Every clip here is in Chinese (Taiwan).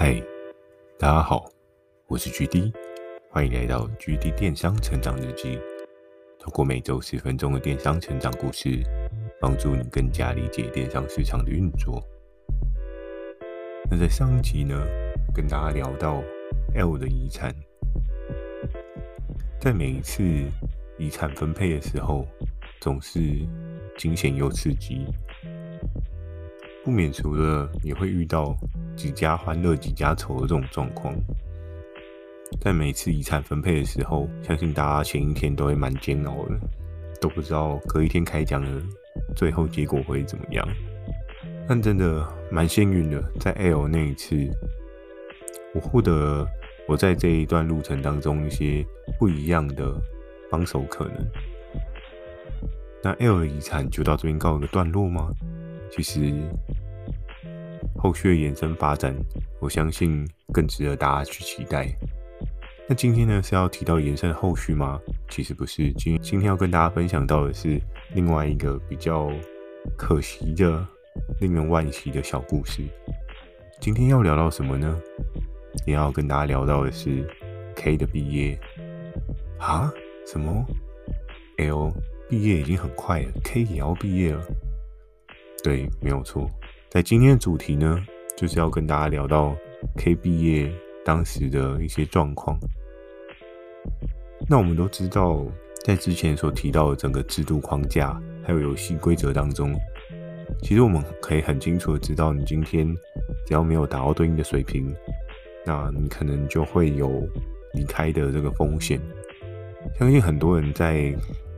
嗨，Hi, 大家好，我是 GD，歡迎來到 GD 電商成長日記。通過每周十分鐘的電商成長故事，幫助你更加理解電商市場的運作。那在上一集呢，跟大家聊到 L 的遺產，在每一次遺產分配的時候，總是驚險又刺激，不免除了你會遇到。幾家歡樂幾家愁的這種狀況，在每次遺產分配的時候，相信大家前一天都會蠻煎熬的，都不知道隔一天開獎了，最後結果會怎麼樣。但真的蠻幸運的，在 L 那一次，我獲得了我在這一段路程當中一些不一樣的幫手可能。那 L 的遺產就到這邊告一個段落嗎？其實。後續的延伸發展，我相信更值得大家去期待。那今天呢，是要提到延伸的後續嗎？其實不是，今今天要跟大家分享到的是另外一個比較可惜的、令人惋惜的小故事。今天要聊到什麼呢？也要跟大家聊到的是 K 的畢業。啊？什麼？L 畢業已經很快了，K 也要畢業了。對，沒有錯。在今天的主題呢，就是要跟大家聊到 K 畢業當時的一些狀況。那我們都知道，在之前所提到的整個制度框架還有遊戲規則當中，其實我們可以很清楚的知道，你今天只要沒有達到對應的水平，那你可能就會有離開的這個風險。相信很多人在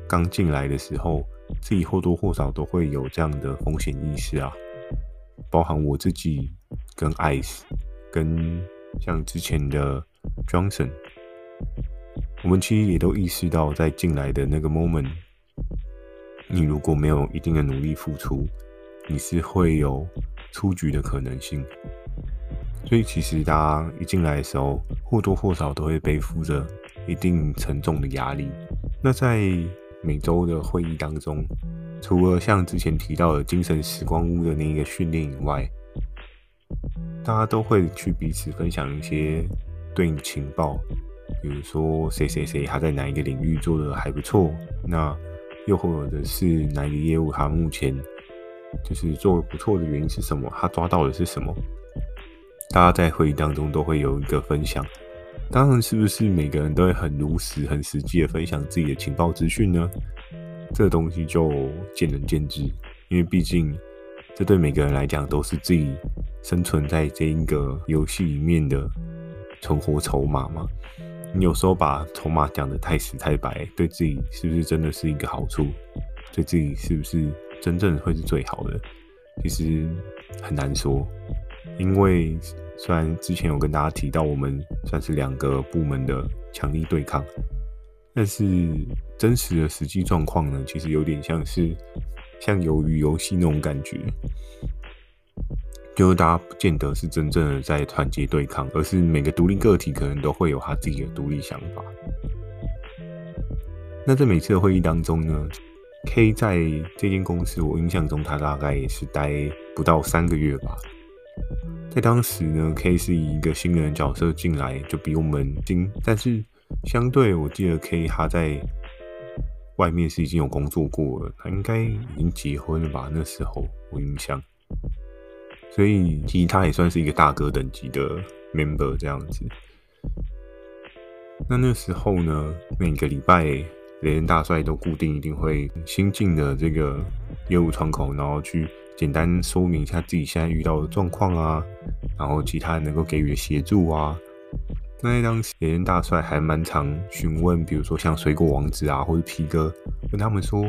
剛進來的時候，自己或多或少都會有這樣的風險意識啊。包含我自己、跟 Ice、跟像之前的 Johnson，我們其實也都意識到，在進來的那個 moment，你如果沒有一定的努力付出，你是會有出局的可能性。所以，其實大家一進來的時候，或多或少都會背負着一定沉重的壓力。那在每周的會議當中，除了像之前提到的“精神時光屋”的那一個訓練以外，大家都會去彼此分享一些對應的情報，比如說誰誰誰他在哪一個領域做的還不錯，那又或者是哪一個業務他目前就是做的不錯的原因是什麼，他抓到的是什麼，大家在會議當中都會有一個分享。當然，是不是每個人都會很如實、很實際的分享自己的情報資訊呢？這個東西就見仁見智，因為畢竟這對每個人來講都是自己生存在這一個遊戲裡面的存活籌碼嘛。你有時候把籌碼講得太死太白，對自己是不是真的是一個好處？對自己是不是真正會是最好的？其實很難說，因為雖然之前有跟大家提到我們算是兩個部門的強力對抗，但是，真實的實際狀況呢，其實有點像是像《魷魚遊戲》那種感覺，就是大家不見得是真正的在團結對抗，而是每個獨立個體可能都會有他自己的獨立想法。那在每次的會議當中呢，K 在這間公司，我印象中他大概也是待不到三個月吧。在當時呢，K 是以一個新人角色進來，就比我們精。但是相對我記得 K 他在。外面是已經有工作過了，他應該已經結婚了吧？那時候我印象，所以其實他也算是一個大哥等級的 member 這樣子。那那時候呢，每個禮拜雷人大帥都固定一定會新進的這個業務窗口，然後去簡單說明一下自己現在遇到的狀況啊，然後其他人能夠給予的協助啊。那在當時，野人大帥還蠻常詢問，比如說像水果王子啊，或者皮哥，問他們說：“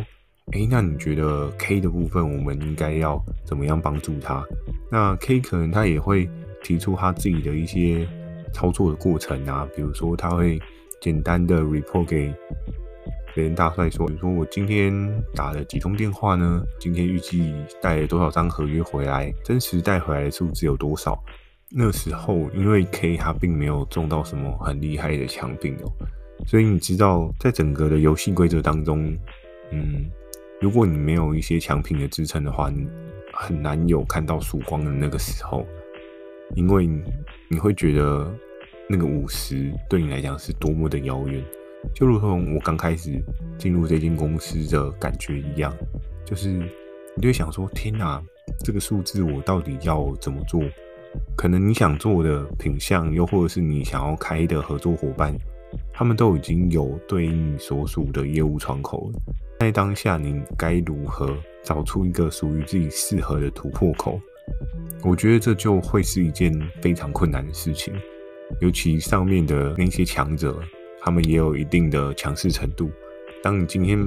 哎、欸，那你覺得 K 的部分，我們應該要怎麼樣幫助他？”那 K 可能他也會提出他自己的一些操作的過程啊，比如說他會簡單的 report 給野人大帥說：“比如說我今天打了幾通電話呢？今天預計帶了多少張合約回來？真實帶回來的數字有多少？”那時候，因為 K 它並沒有中到什麼很厲害的強品哦，所以你知道，在整個的遊戲規則當中，嗯，如果你沒有一些強品的支撐的話，你很難有看到曙光的那個時候，因為你會覺得那個五十對你來講是多麼的遙遠，就如同我剛開始進入這間公司的感覺一樣，就是你就會想說：天哪、啊，這個數字我到底要怎麼做？可能你想做的品項，又或者是你想要開的合作夥伴，他們都已經有對應你所屬的業務窗口了。在當下，你該如何找出一個屬於自己適合的突破口？我覺得這就會是一件非常困難的事情。尤其上面的那些強者，他們也有一定的強勢程度。當你今天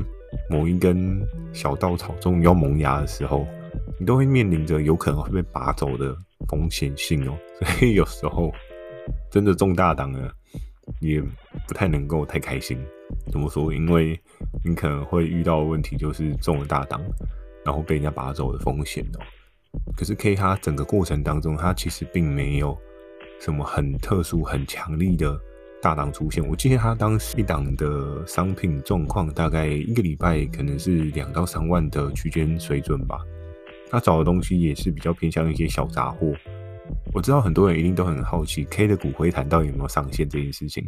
某一根小稻草終要萌芽的時候，你都會面臨着有可能會被拔走的。風險性哦，所以有時候真的中大檔呢，也不太能夠太開心。怎麼說？因為你可能會遇到的問題，就是中了大檔，然後被人家拔走的風險哦。可是 K 它整個過程當中，它其實並沒有什麼很特殊、很強力的大檔出現。我記得它當時一檔的商品狀況，大概一個禮拜可能是兩到三萬的區間水準吧。他找的東西也是比較偏向一些小雜貨。我知道很多人一定都很好奇 K 的骨灰罈到底有沒有上線這件事情。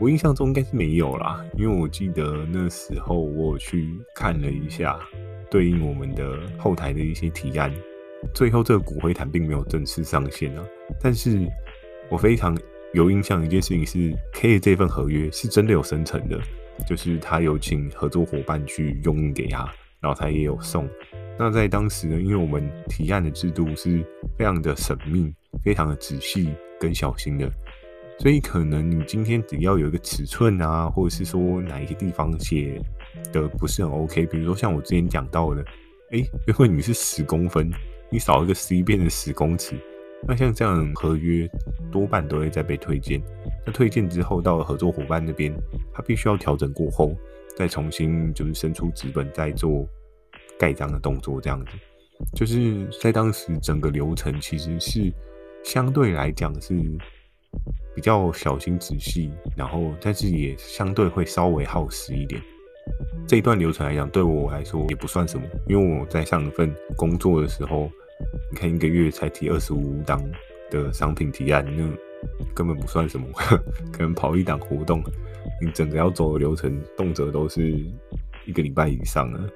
我印象中應該是沒有啦，因為我記得那時候我去看了一下對應我們的後台的一些提案，最後這個骨灰罈並沒有正式上線啊。但是我非常有印象的一件事情是 K 的這份合約是真的有生成的，就是他有請合作夥伴去用印給他，然後他也有送。那在當時呢，因為我們提案的制度是非常的神秘，非常的仔細跟小心的，所以可能你今天只要有一個尺寸啊，或者是說哪一些地方寫的不是很 OK，比如說像我之前講到的，哎、欸，如果你是十公分，你少一個 C，變成十公尺，那像這樣的合約多半都會再被推薦。那推薦之後，到了合作夥伴那邊，他必須要調整過後，再重新就是伸出紙本再做，蓋章的動作這樣子，就是在當時整個流程其實是相對來講是比較小心仔細，然後但是也相對會稍微耗時一點。這一段流程來講，對我來說也不算什麼，因為我在上一份工作的時候，你看一個月才提二十五檔的商品提案，那根本不算什麼。可能跑一檔活動，你整個要走的流程，動輒都是一個禮拜以上了。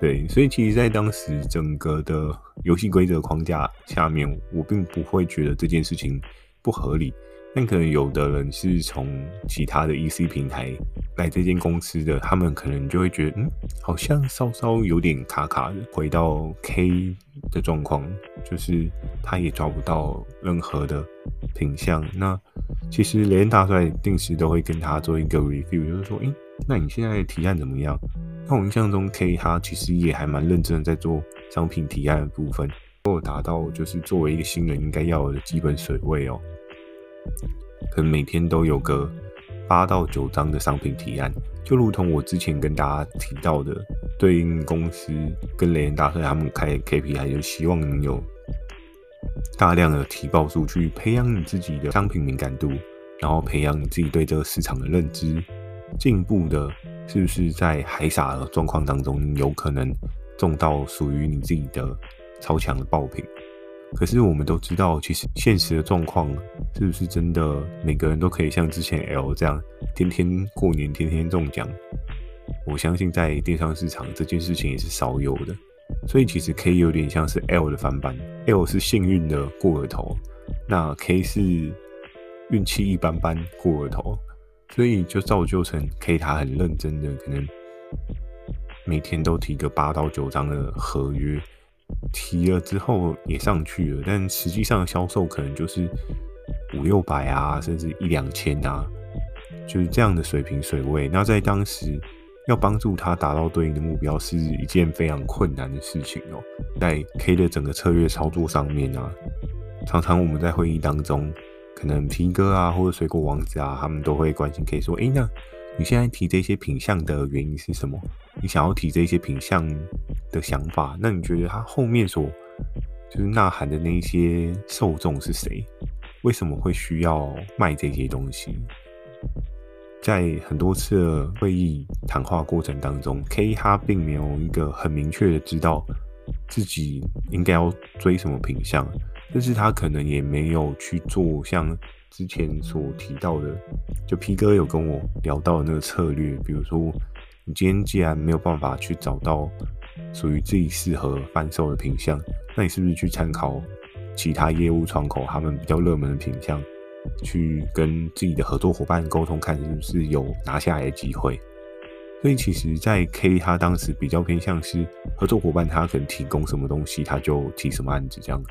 對，所以其實，在當時整個的遊戲規則的框架下面，我並不會覺得這件事情不合理。但可能有的人是從其他的 EC 平台來這間公司的，他們可能就會覺得，嗯，好像稍稍有點卡卡的。回到 K 的狀況，就是他也找不到任何的品項。那其實連大帥定時都會跟他做一個 review，就是說，哎，那你現在的提案怎麼樣？那我印象中 K 他其實也還蠻認真的在做商品提案的部分，都有達到就是作為一個新人應該要有的基本水位哦。可能每天都有個八到九張的商品提案，就如同我之前跟大家提到的，對應公司跟雷人大帥他們開 KPI 就希望能有大量的提報數據，培養你自己的商品敏感度，然後培養你自己對這個市場的認知，進步的。是不是在海撒的狀況當中，有可能中到屬於你自己的超強的爆品？可是我們都知道，其實現實的狀況是不是真的每個人都可以像之前 L 這樣，天天過年天天中獎？我相信在電商市場這件事情也是少有的。所以其實 K 有點像是 L 的翻版，L 是幸運的過了頭，那 K 是運氣一般般過了頭。所以就造就成 K 他很認真的，可能每天都提個八到九張的合約，提了之後也上去了，但實際上銷售可能就是五六百啊，甚至一兩千啊，就是這樣的水平水位。那在當時要幫助他達到對應的目標，是一件非常困難的事情哦、喔。在 K 的整個策略操作上面啊，常常我們在會議當中。可能平哥啊，或者水果王子啊，他們都會關心 K 說：“誒，那你現在提這些品項的原因是什麼？你想要提這些品項的想法，那你覺得他後面所就是吶喊的那些受眾是誰？為什麼會需要賣這些東西？在很多次的會議談話過程當中，K 他並沒有一個很明確的知道自己應該要追什麼品項。”但是他可能也沒有去做像之前所提到的，就皮哥有跟我聊到的那個策略，比如說你今天既然沒有辦法去找到屬於自己適合販售的品相，那你是不是去參考其他業務窗口他們比較熱門的品相，去跟自己的合作伙伴溝通，看是不是有拿下來的機會？所以其實，在 K 他當時比較偏向是合作夥伴，他可能提供什麼東西，他就提什麼案子這樣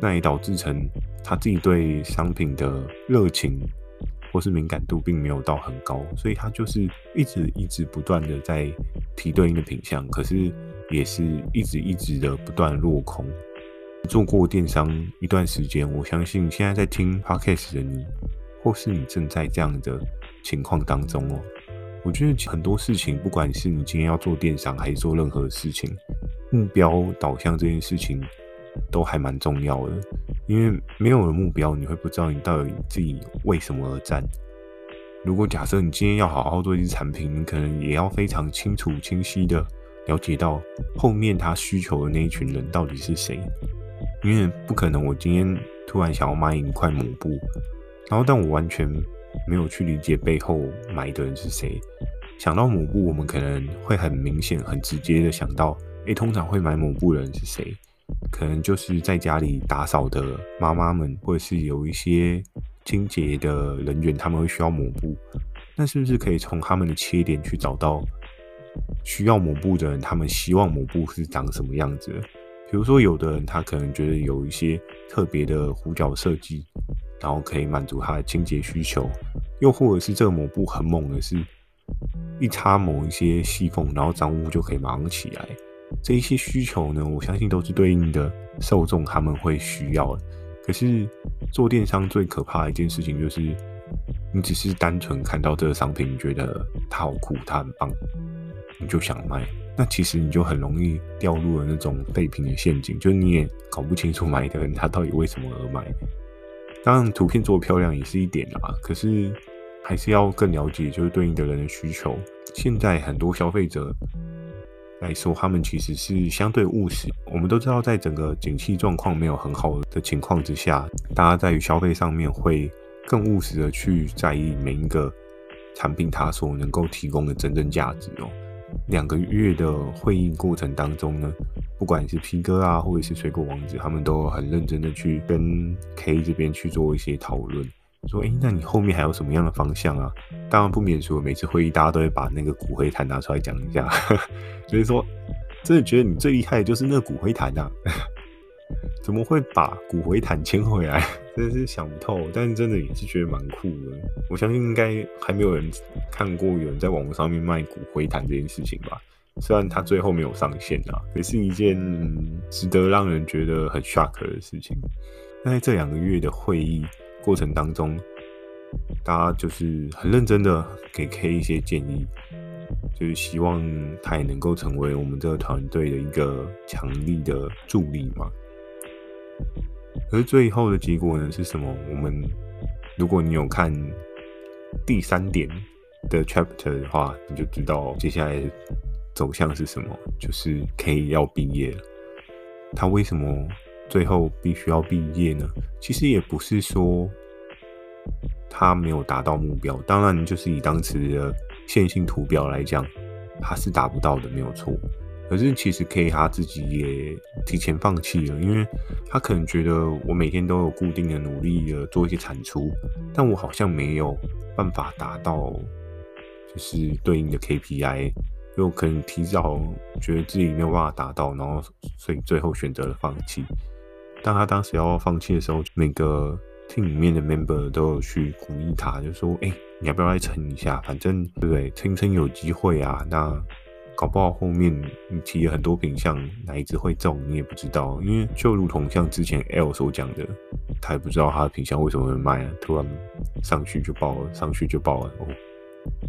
那也導致成他自己對商品的熱情或是敏感度並沒有到很高，所以他就是一直一直不斷的在提對應的品項，可是也是一直一直的不斷落空。做過電商一段時間，我相信現在在聽 podcast 的你，或是你正在這樣的情況當中哦，我覺得很多事情，不管是你今天要做電商還是做任何事情，目標導向這件事情。都還蠻重要的，因為沒有了目標，你會不知道你到底自己為什麼而戰。如果假設你今天要好好做一隻產品，你可能也要非常清楚、清晰的了解到後面他需求的那一群人到底是誰。因為不可能，我今天突然想要賣一塊抹布，然後但我完全沒有去理解背後買的人是誰。想到抹布，我們可能會很明顯、很直接的想到，誒、欸，通常會買抹布的人是誰？可能就是在家裡打掃的媽媽們，或者是有一些清潔的人員，他們會需要抹布。那是不是可以從他們的切點去找到需要抹布的人？他們希望抹布是長什麼樣子？比如說，有的人他可能覺得有一些特別的弧角設計，然後可以滿足他的清潔需求；又或者是這個抹布很猛的是，一擦某一些細縫，然後髒污就可以馬上起來。這一些需求呢，我相信都是對應的受眾他們會需要的。可是做電商最可怕的一件事情就是，你只是單純看到這個商品，你覺得它好酷，它很棒，你就想賣。那其實你就很容易掉入了那種廢品的陷阱，就是你也搞不清楚買的人他到底為什麼而買。當然圖片做得漂亮也是一點啦，可是還是要更了解就是對應的人的需求。現在很多消費者來說，他們其實是相對務實。我們都知道，在整個景氣狀況沒有很好的情況之下，大家在於消費上面會更務實的去在意每一個產品它所能夠提供的真正價值哦。兩個月的會議過程當中呢，不管是 P 哥啊，或者是水果王子，他們都很認真的去跟 K 這邊去做一些討論。說誒，誒那你後面還有什麼樣的方向啊？當然不免說，每次會議大家都會把那個骨灰壇拿出來講一下，所 以說，真的覺得你最厲害的就是那個骨灰壇吶、啊。 怎麼會把骨灰壇牽回來？真是想不透。但是真的也是覺得蠻酷的。我相信應該還沒有人看過有人在網絡上面賣骨灰壇這件事情吧？雖然它最後沒有上線啊，可是一件，嗯、值得讓人覺得很 shock 的事情。那在這兩個月的會議過程當中，大家就是很認真的給 K 一些建議，就是希望他也能夠成為我們這個團隊的一個強力的助力嘛。而最後的結果呢，是什麼？我們如果你有看第三點的 chapter 的話，你就知道接下來走向是什麼，就是 K 要畢業了。他為什麼最後必須要畢業呢，其實也不是說他沒有達到目標，當然就是以當時的線性圖表來講，他是達不到的，沒有錯。可是其實 K 他自己也提前放棄了，因為他可能覺得我每天都有固定的努力的做一些產出，但我好像沒有辦法達到就是對應的 KPI，又可能提早覺得自己沒有辦法達到，然後所以最後選擇了放棄。當他當時要放棄的時候，每個 team 裡面的 member 都有去鼓勵他，就說：“哎、欸，你要不要再撐一下？反正對不對？撐撐有機會啊。那搞不好後面你提了很多品項，哪一支會中你也不知道。因為就如同像之前 L 所講的，他也不知道他的品項為什麼會賣，突然上去就爆了，上去就爆了，哦、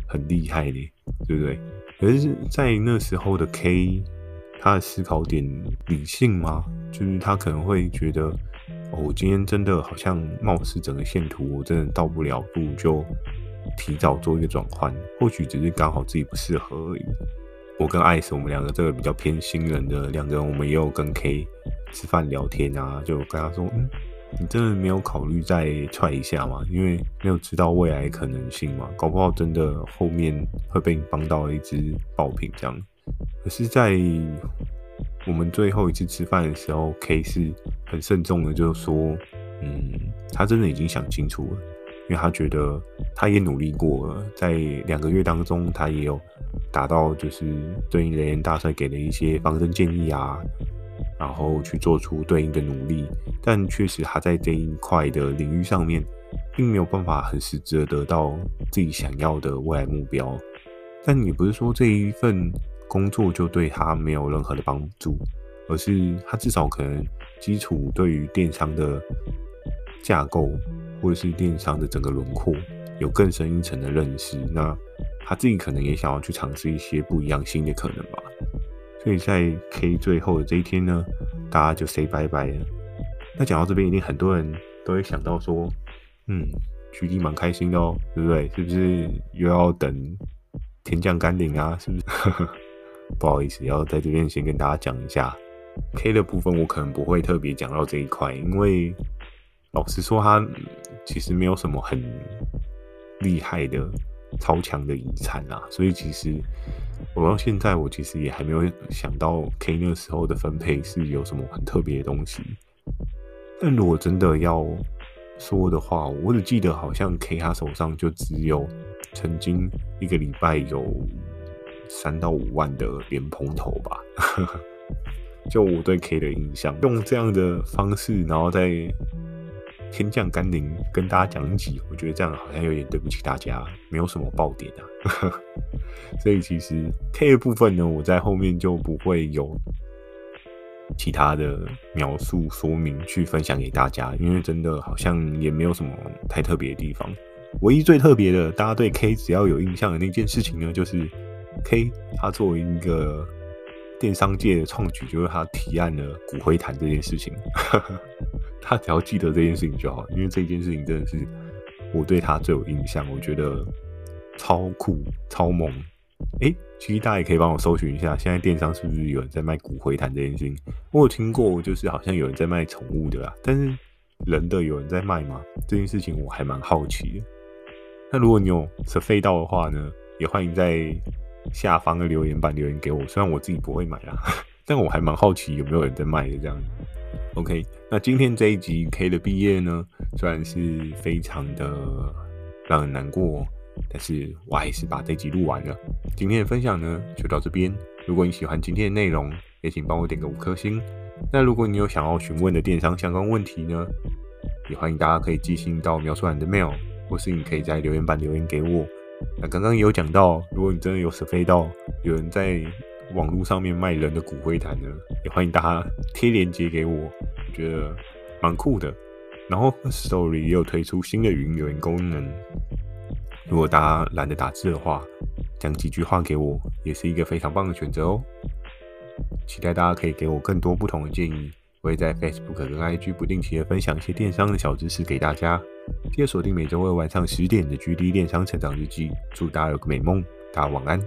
很厲害的，對不對？可是，在那時候的 K。”他的思考點理性嗎？就是他可能會覺得，哦，我今天真的好像貌似整個線圖我真的到不了步，就提早做一個轉換。或許只是剛好自己不適合而已。我跟艾斯，我們兩個這個比較偏新人的兩個人，我們也有跟 K 吃飯聊天啊，就跟他說，嗯，你真的沒有考慮再踹一下嗎？因為沒有知道未來可能性嘛，搞不好真的後面會被你幫到一支爆品這樣。可是，在我們最後一次吃飯的時候，K 是很慎重的，就是說：“嗯，他真的已經想清楚了，因為他覺得他也努力過了，在兩個月當中，他也有達到就是對應人員大帥給的一些方針建議啊，然後去做出對應的努力。但確實，他在這一塊的領域上面，並沒有辦法很實質地得到自己想要的未來目標。但也不是說這一份。”工作就對他沒有任何的幫助，而是他至少可能基礎對於電商的架構或者是電商的整個輪廓有更深一層的認識。那他自己可能也想要去嘗試一些不一樣新的可能吧。所以在 K 最後的這一天呢，大家就 say 拜拜了。那講到這邊，一定很多人都會想到說，嗯，GD 蠻開心的哦，對不對？是不是又要等天降甘霖啊？是不是？呵呵。不好意思，要在這邊先跟大家講一下 K 的部分，我可能不會特別講到這一塊，因為老實說他，他、嗯、其實沒有什麼很厲害的、超強的遺產啦、啊。所以其實我到現在，我其實也還沒有想到 K 那時候的分配是有什麼很特別的東西。但如果真的要說的話，我只記得好像 K 他手上就只有曾經一個禮拜有。三到五萬的蓮蓬頭吧， 就我對 K 的印象，用這樣的方式，然後再天降甘霖跟大家講解，我覺得這樣好像有點對不起大家，沒有什麼爆點啊。 所以其實 K 的部分呢，我在後面就不會有其他的描述說明去分享給大家，因為真的好像也沒有什麼太特別的地方。唯一最特別的，大家對 K 只要有印象的那件事情呢，就是。K，、okay，他作為一個電商界的創舉，就是他提案了骨灰壇這件事情。 他只要記得這件事情就好，因為這件事情真的是我對他最有印象。我覺得超酷超萌。哎、欸，其實大家也可以幫我搜尋一下，現在電商是不是有人在賣骨灰壇這件事情？我有聽過，就是好像有人在賣寵物的啦，但是人的有人在賣嗎？這件事情我還蠻好奇的。那如果你有扯飛到的話呢，也歡迎在。下方的留言板留言給我，雖然我自己不會買啊，但我還蠻好奇有沒有人在賣的這樣子。OK，那今天這一集 K 的畢業呢，雖然是非常的讓人難過，但是我還是把這集錄完了。今天的分享呢就到這邊，如果你喜歡今天的內容，也請幫我點個五顆星。那如果你有想要詢問的電商相關問題呢，也歡迎大家可以寄信到描述欄的 mail，或是你可以在留言板留言給我。那剛剛也有講到，如果你真的有識飛到有人在網絡上面賣人的骨灰壇呢，也歡迎大家貼鏈接給我，我覺得蠻酷的。然後 Firstory 也有推出新的語音留言功能，如果大家懶得打字的話，講幾句話給我，也是一個非常棒的選擇哦。期待大家可以給我更多不同的建議，我也在 Facebook 跟 IG 不定期的分享一些電商的小知識給大家。記得鎖定每週二晚上十點的《GD 電商成長日記》，祝大家有個美夢，大家晚安。